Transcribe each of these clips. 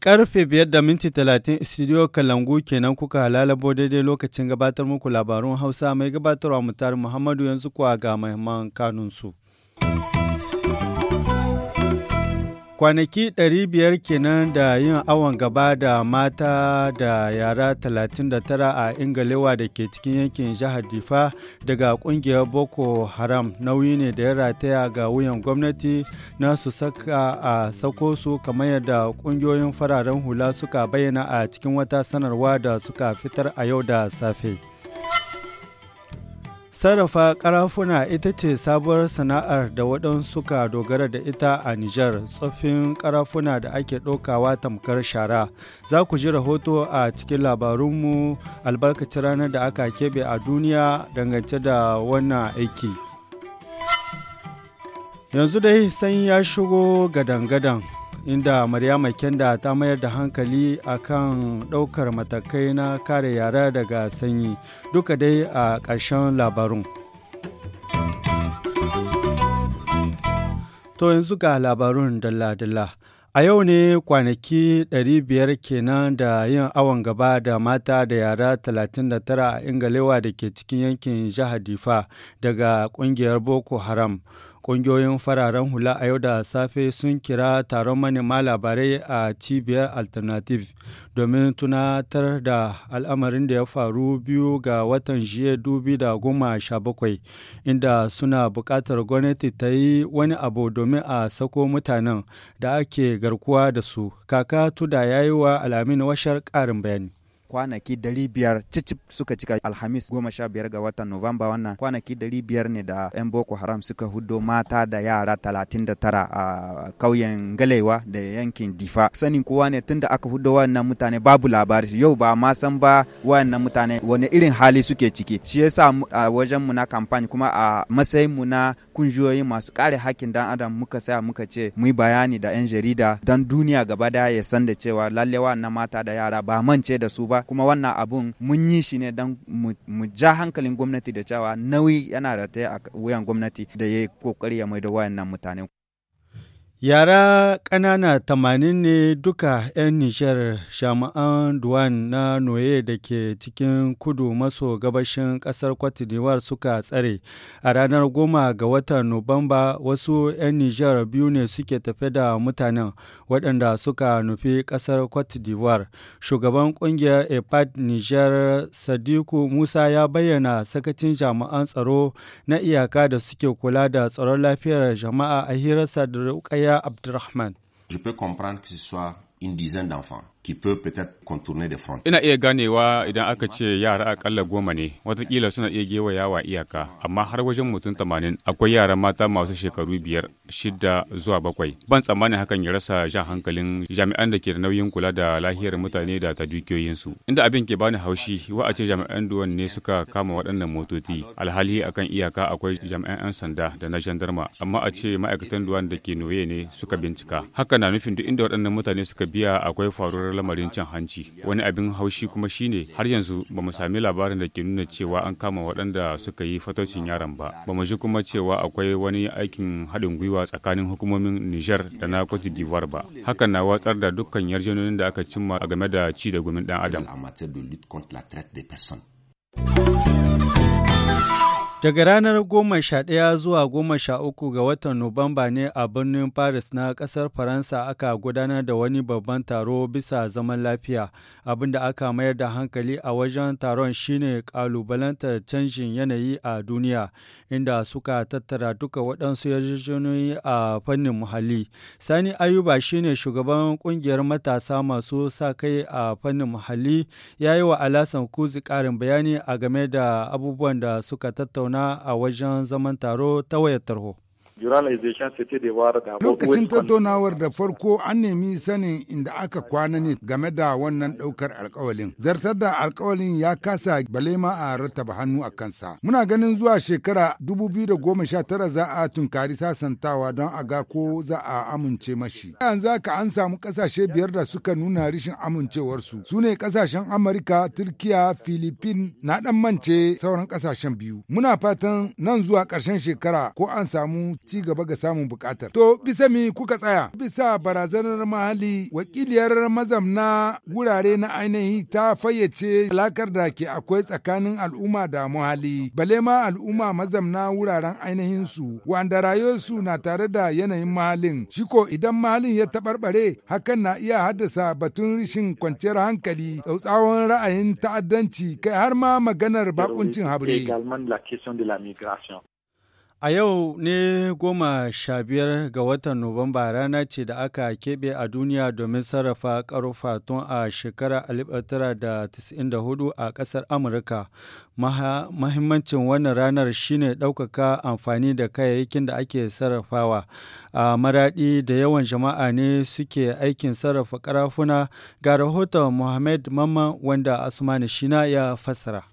Karfe biyar da minti talatin studio Kalangu kenan kuka lalabo daidai lokacin gabatar muku labarun Hausa mai gabatarwa mutar Muhammadu yanzu kuwa ga mahimman kanunsu. Kwanaki 500 kenan da yin awon gaba da mata da yara 39 a Ingalewa da ke cikin yankin jihar Difa daga kungiyar Boko Haram nauyi ne da ya rataya ga wuyan gwamnati na su saka a sako su kamar yadda kungiyoyin fararen hula suka bayyana a cikin wata sanarwa da suka fitar a yau da safe. Sarrafa ƙarafuna ita ce sabuwar sana'ar da waɗansu ka dogara da ita a Nijar, tsoffin ƙarafuna da ake ɗaukawa tamkar shara. Za ku ji rahoto a cikin labarunmu albarkacin ranar da aka keɓe a duniya dangance da wannan aiki. Yanzu dai sanyi ya shigo gadan-gadan. inda Maryama Kenda ta mayar da hankali a kan ɗaukar matakai na kare yara daga sanyi duka dai a ƙarshen labarun. To yanzu ga labarun dalla-dalla. A yau ne kwanaki 500 kenan da yin awon gaba da mata da yara 39 a Ingalewa da ke cikin yankin jihar Difa daga ƙungiyar Boko Haram. Ƙungiyoyin fararen hula a yau da safe sun kira taron manema labarai a cibiyar Alternative domin tunatar da al'amarin da ya faru biyu ga watan jiya dubi da goma sha bakwai inda suna buƙatar gwamnati ta yi wani abu domin a sako mutanen da ake garkuwa da su. Kaka Tuda ya yi wa Alamin washar ƙarin bayani. kwanaki dari biyar cicip suka cika alhamis goma sha biyar ga watan novamba wannan kwanaki dari biyar ne da 'yan boko haram suka hudo mata da yara talatin da tara a kauyen galewa da yankin difa sanin kowa ne tunda aka hudo wannan mutane babu labari yau ba ma san ba wannan mutane wani irin hali suke ciki shi yasa a wajen mu na kampani kuma a matsayin mu na kungiyoyi masu kare hakkin dan adam muka saya muka ce muyi bayani da 'yan jarida dan duniya gaba daya ya san da cewa lallewa na mata da yara ba mance da su ba kuma wannan abun mun yi shi ne don mu ja hankalin gwamnati da cewa nauyi yana da ta wuyan gwamnati da ya yi kokari ya maido nan mutane Yara ƙanana tamanin ne duka 'yan Nijar jami'an Duwan na Noye da ke cikin kudu maso gabashin ƙasar Cote d'Ivoire suka tsare. A ranar goma ga watan Nuwamba wasu 'yan Nijar biyu ne suke tafe da mutanen waɗanda suka nufi ƙasar Cote d'Ivoire. Shugaban ƙungiyar EPAD Nijar Sadiku Musa ya bayyana sakacin jami'an tsaro na iyaka da suke kula da tsaron lafiyar jama'a a hirarsa da Je peux comprendre que ce soit une dizaine d'enfants. k'i peut peut-être contourner des frontières. Ina iya ganewa idan aka ce yara akalla goma ne, watakila suna iya gewayawa iyaka, amma har wajen mutum tamanin akwai yara mata masu shekaru biyar, shida zuwa bakwai. Ban tsammanin hakan ya rasa jan hankalin jami'an da ke da nauyin kula da lahiyar mutane da ta dukiyoyinsu. Inda abin ke bani haushi, wa a ce jami'an duwan ne suka kama waɗannan motoci. Alhali akan iyaka akwai jami'an 'yan sanda da na jandarma, amma a ce ma'aikatan duwan da ke noye ne suka bincika. Haka na nufin duk inda waɗannan mutane suka biya akwai faruwar lamarin cin hanci wani abin haushi kuma shine har yanzu ba mu sami labarin da ke nuna cewa an kama waɗanda suka yi fatocin yaron ba ba mu ji kuma cewa akwai wani aikin haɗin gwiwa tsakanin hukumomin niger da na cote d'ivoire ba hakan na watsar da dukkan yarjejenonin da aka cimma a game da ci da gumin ɗan adam Daga ranar goma 11 zuwa goma sha uku ga watan Nuwamba ne a birnin Paris na ƙasar Faransa aka gudanar da wani babban taro bisa zaman lafiya. Abin da aka mayar da hankali a wajen taron shine ƙalubalantar canjin yanayi a duniya, inda suka tattara duka waɗansu yarjejeniyoyi a fannin muhalli. Sani Ayuba shine shugaban ƙungiyar matasa masu sa kai a fannin muhalli, ya yi wa Alasan Kuzi ƙarin bayani a game da abubuwan da suka tattauna tattauna a wajen zaman taro ta wayar tarho. Lokacin tattaunawar da farko an nemi sanin inda aka kwana ne game da wannan ɗaukar alkawalin. Zartar da alkawalin ya kasa balema a rattaba hannu a kansa. Muna ganin zuwa shekara 2019 za a tunkari sasantawa don a ga ko za a amince mashi. Yanzu haka an samu ƙasashe biyar da suka nuna rishin amincewarsu. Su ne ƙasashen Amurka, Turkiya, Filipin na dan mance sauran kasashen biyu. Muna fatan nan zuwa ƙarshen shekara ko an samu ci gaba ga samun bukatar. To bisa mi kuka tsaya? Bisa barazanar mahalli wakiliyar mazamna wurare na ainihi ta fayyace alakar da ke akwai tsakanin al'umma da muhalli. Bale ma al'umma mazamna wuraren ainihin su wanda su na tare da yanayin mahallin. Shiko idan mahallin ya taɓarɓare hakan na iya haddasa batun rishin kwanciyar hankali tsautsawon ra'ayin ta'addanci kai har ma maganar bakuncin habre. A yau ne goma sha biyar ga watan Nuwamba rana ce da aka keɓe a duniya domin sarrafa ƙarfa tun a shekara 1994 a ƙasar Amurka. Mahimmancin wannan ranar shine ɗaukaka amfani da kayayyakin da ake sarrafawa. A maraɗi da yawan jama'a ne suke aikin sarrafa ƙarafuna ga rahoton Mohamed Mamman wanda Asmani Shina ya fassara.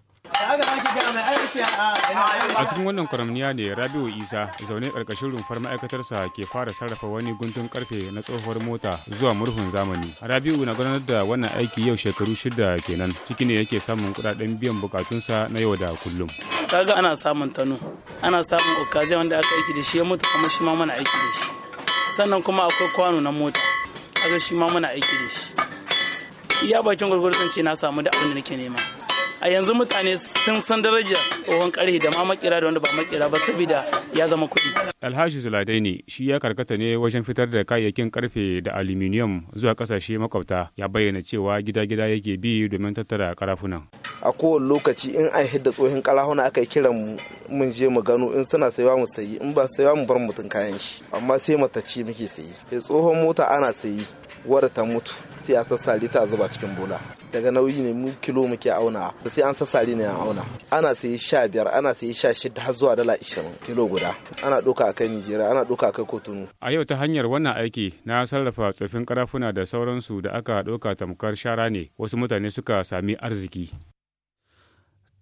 a cikin wannan kwaramniya ne rabiu isa zaune karkashin rumfar ma'aikatarsa ke fara sarrafa wani guntun karfe na tsohuwar mota zuwa murhun zamani rabiu na gudanar da wannan aiki yau shekaru shida kenan ciki ne yake samun kuɗaɗen biyan bukatunsa na yau da kullum kaga ana samun tano ana samun okazai wanda aka aiki da shi ya mutu kuma shi ma mana aiki da shi sannan kuma akwai kwano na mota kaga shi ma muna aiki da shi iya bakin gwargwaro na samu da abin da nake nema a yanzu mutane sun san daraja tsohon karhi da ma makera da wanda ba makira ba saboda ya zama kuɗi. Alhaji zuladai ne shi ya karkata ne wajen fitar da kayayyakin karfe da aluminium zuwa kasashe makwabta ya bayyana cewa gida-gida yake bi domin tattara karafunan. a kowane lokaci in an hidda tsohin karafuna aka yi kiran mun je mu gano in suna saiwa mu sayi in ba saiwa mu bar mutum kayan shi amma sai matacce muke sayi eh, tsohon mota ana sayi wadda ta mutu sai a sassari ta zuba cikin bola daga nauyi ne mu kilo muke auna da sai an sassari ne an auna ana sayi sha biyar ana sayi sha shida har zuwa dala ishirin kilo guda ana ɗauka akan nijeriya ana ɗauka akan kotunu a yau ta hanyar wannan aiki na sarrafa tsofin karafuna da sauransu da aka ɗauka tamkar shara ne wasu mutane suka sami arziki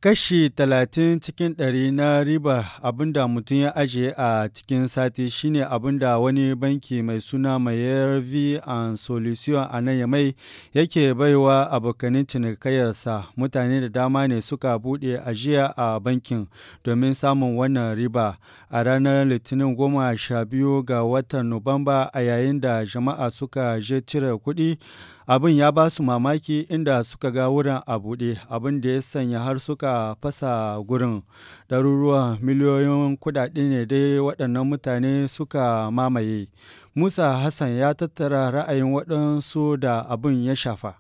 Kashi talatin cikin ɗari na riba abinda mutum ya ajiye a cikin sati shine abinda wani banki mai suna mayar V and Solution a nan mai yake baiwa abokanin cinikayyarsa. Mutane da dama ne suka buɗe ajiya a bankin domin samun wannan riba a ranar Litinin goma sha biyu ga watan Nuwamba a yayin da jama'a suka je cire kuɗi Abin ya ba su mamaki inda suka ga wurin a buɗe, abin da ya sanya har suka fasa gurin. Ɗaruruwan miliyoyin kuɗaɗe ne dai waɗannan mutane suka mamaye. Musa Hassan ya tattara ra'ayin waɗansu da abin ya shafa.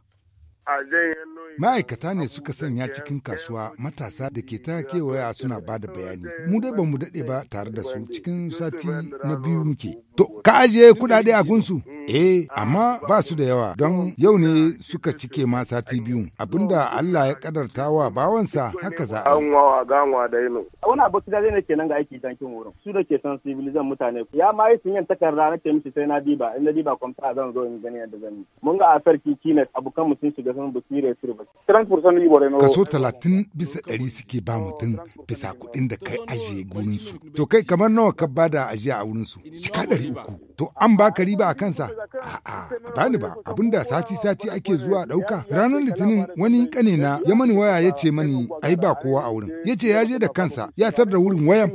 ma'aikata ne suka sanya cikin kasuwa matasa da ke ta kewaya suna ba da bayani mu dai ba mu daɗe ba tare da su cikin sati na biyu muke To, ka ajiye kuɗaɗe a gunsu? Eh, amma ba su da yawa don yau ne suka cike ma sati biyu. Abinda Allah ya kadarta wa bawansa haka za a. Anwawa ganwa da yino. Wani abu da zai kenan ga aiki tankin wurin. Su da ke san civilizan mutane. Ya ma yi sun yin takarda na ce sai na diba. In na diba kwamfuta zan zo in gani yadda zan yi. Mun ga asar kikinet abokan mu sun shiga sun yi bore sirba. Kaso talatin bisa ɗari suke ba mutum bisa kuɗin da kai ajiye gurinsu. To kai kamar nawa ka bada ajiya a wurinsu? Shika ɗari uku. To an baka riba a kansa? A'a, ba ni ba, abinda sati-sati ake zuwa ɗauka. Ranar Litinin wani kanina ya mani waya ya ce mani ai ba kowa a wurin. Ya ce ya je da kansa ya tar da wurin wayan.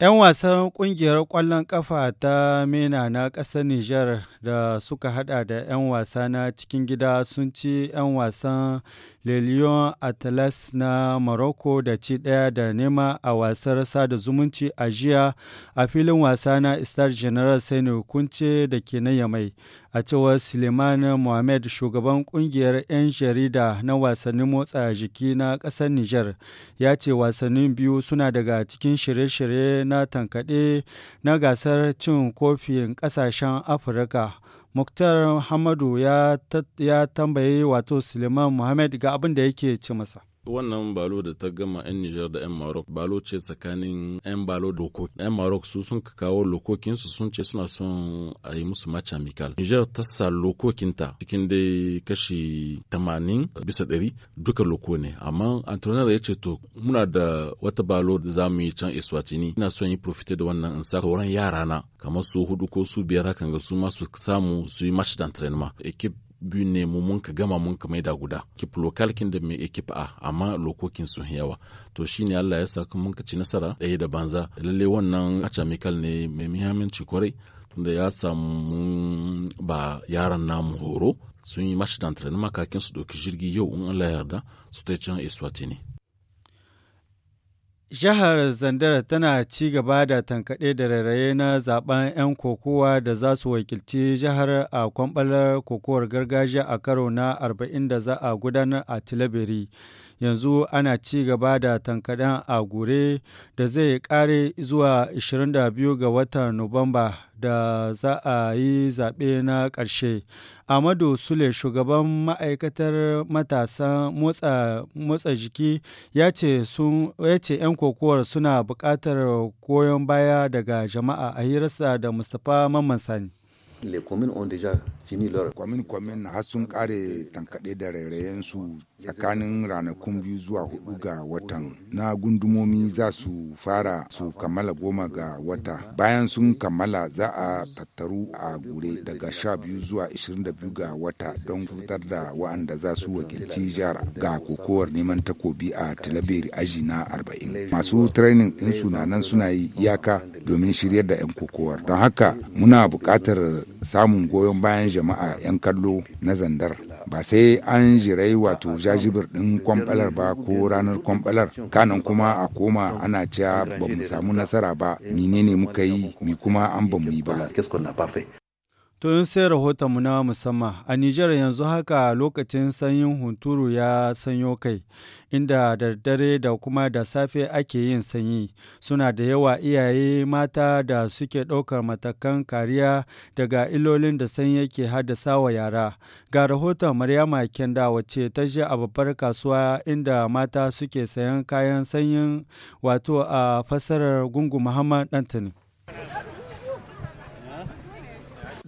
'Yan wasan ƙungiyar ƙwallon ƙafa ta MENA na ƙasar Nijar da suka hada da 'yan wasa na cikin gida sun ci 'yan wasan Le Lyon Atlas na Morocco da ci ɗaya da nema a wasar sada zumunci a jiya a filin wasa na Star General Sani Kunce da ke na Yamai. a cewar suleiman mohamed shugaban kungiyar 'yan jarida na wasannin motsa jiki na ƙasar Nijar, ya ce wasannin biyu suna daga cikin shirye-shirye na tankaɗe na gasar cin kofin ƙasashen afirka muktar hamadu ya tambayi wato suleiman mohamed ga abin da yake ce masa wannan balo da ta gama 'yan Nijar da 'yan marok. balo ce tsakanin 'yan balo doko 'yan marok su sun kawo lokokinsu sun ce suna son a yi musu match amical Nijar ta sa lokokinta cikin dai kashi 80 bisa 100 duka loko ne amma Antonio ya ce to muna da wata balo da za mu yi can Eswatini ina son yi profite da wannan in sa wurin yara na kamar su hudu ko su biyar hakan ga su ma su samu su yi match da entraînement Ekip biyun ne mu mun ka gama mun ka da guda kip lokal kin da mai ekip a amma lokokin sun yawa to shine Allah ya saka mun ka ci nasara ɗaya da banza lalle wannan acamikal ne mai muhimmanci kwarai tunda ya samu ba yaran namu horo sun yi mashi dantarin makakin su ɗauki jirgi yau in Allah ya yarda su ta can Eswatini. Jihar zandara tana ci gaba da tankaɗe da rairaye na zaben 'yan kokowa da za su wakilci jihar a kwamɓalar kokowar gargajiya a karo na 40 da za a gudanar a Tilaberi. yanzu ana ci gaba da tankadan a gure da zai kare zuwa 22 ga watan Nuwamba da za a yi zaɓe na ƙarshe. Amadu Sule, shugaban ma'aikatar matasan motsa jiki, ya ce 'yan kokowar suna buƙatar koyon baya daga jama'a a hirarsa da Mustapha Mamman Sani. les communes ont déjà fini leur commune commune har sun kare tankaɗe da rairayen su tsakanin ranakun biyu zuwa hudu ga watan na gundumomi za su fara su kammala goma ga wata bayan sun kammala za a tattaru a gure daga sha biyu zuwa ishirin da biyu ga wata don fitar da wa'anda za su wakilci jihar ga kokowar neman takobi a talabiri aji na arba'in masu trainin in suna nan suna yi iyaka domin shiryar da 'yan kokowar don haka muna buƙatar samun goyon bayan jama'a 'yan kallo na zandar ba sai an jirai wato jajibir ɗin kwamfalar ba ko ranar kwamfalar kanan kuma a koma ana cewa ba mu samu nasara ba ne muka yi mi kuma an ba mu yi ba Tun sai rahotonmu na musamman a Nijar yanzu haka lokacin sanyin hunturu ya sanyo kai, inda da dare da kuma da safe ake yin sanyi. Suna da yawa iyaye mata da suke ɗaukar matakan kariya daga ilolin da sanyi yake haddasa wa yara. Ga rahoton Maryama Kenda wacce ta je a babbar kasuwa inda mata suke sayan kayan sanyin wato a fasarar Gungu Muhammad Dantani.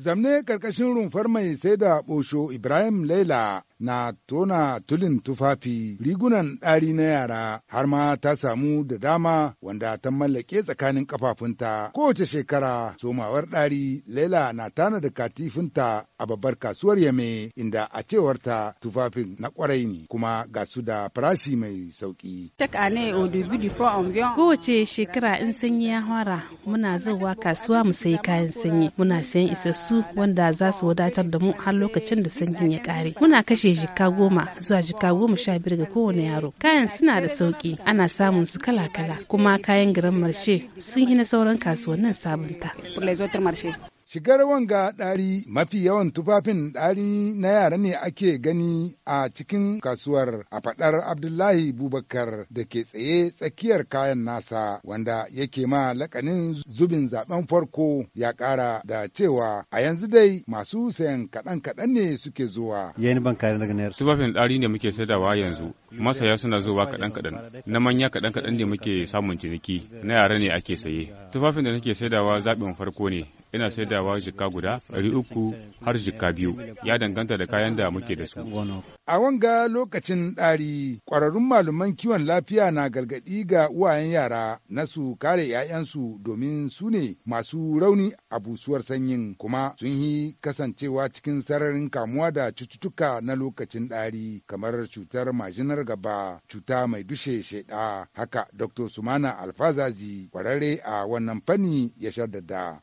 zamne karkashin rumfar mai sai da ɓosho Ibrahim Laila na tona tulin tufafi rigunan ɗari na yara har ma ta samu da dama wanda ta mallake tsakanin kafafunta kowace shekara somawar ɗari laila na tana da katifinta a babbar kasuwar yame inda a cewarta tufafin na kwarai ne kuma ga su da farashi mai sauki. Kowace shekara in sanyi ya hara muna zuwa kasuwa mu sayi kayan sanyi muna sayan isassu wanda za su wadatar da mu har lokacin da sanyin ya ƙare. Muna kashe jika goma zuwa jika goma sha biyar ga kowane yaro kayan suna da sauki ana samun su kala-kala kuma kayan garan marshe sun yi na sauran kasuwannin sabunta Shigar wanga ɗari mafi yawan tufafin ɗari na yara ne ake gani a cikin kasuwar a faɗar Abdullahi Bubakar da ke tsaye tsakiyar kayan nasa wanda yake ma lakanin zubin zaben farko ya ƙara da cewa a yanzu dai masu sayan kaɗan-kaɗan ne suke zuwa. Yayin ban kare daga nayar. Tufafin ɗari ne muke saidawa yanzu. Masaya suna zuwa kaɗan-kaɗan. Na manya kaɗan-kaɗan ne muke samun ciniki. Na yara ne ake saye. Tufafin da nake saidawa zaɓin farko ne. Ina saidawa tsayawa jika guda ɗari uku har jika biyu ya danganta da kayan da muke da su. A wanga lokacin ɗari ƙwararrun malaman kiwon lafiya na gargaɗi ga uwayen yara na su kare 'ya'yansu domin su ne masu rauni a busuwar sanyin kuma sun yi kasancewa cikin sararin kamuwa da cututtuka na lokacin ɗari kamar cutar majinar gaba cuta mai dushe sheda haka Dr. Sumana Alfazazi ƙwararre a wannan fanni ya shaddada.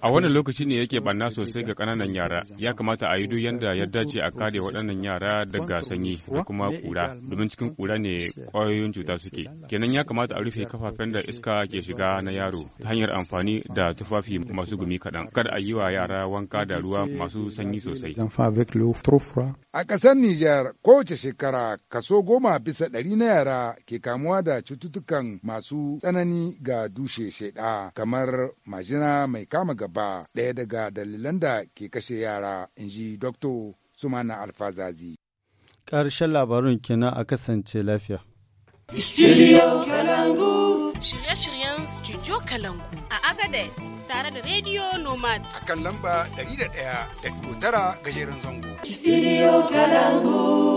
A wannan lokaci ne yake banna sosai ga ƙananan yara, ya kamata a yi duk yadda ya dace a kare waɗannan yara daga sanyi da kuma ƙura, domin cikin kura ne ƙwayoyin cuta suke. Kenan ya kamata a rufe kafafen da iska ke shiga na yaro ta hanyar amfani da tufafi masu gumi kaɗan. Kada a yi wa yara wanka da ruwa masu sanyi sosai. A ƙasar Nijar kowace shekara kaso goma bisa ɗari na yara ke kamuwa da cututtukan masu tsanani ga dushe shaiɗa kamar majina mai kama gaba ɗaya daga dalilan da ke kashe yara in ji dr sumana alfazazi ƙarshen labarin kina a kasance lafiya Shirye-shiryen Studio Kalangu a agades tare da Radio Nomad. A kan lamba 101.9 gajeren zango. Studio Kalangu.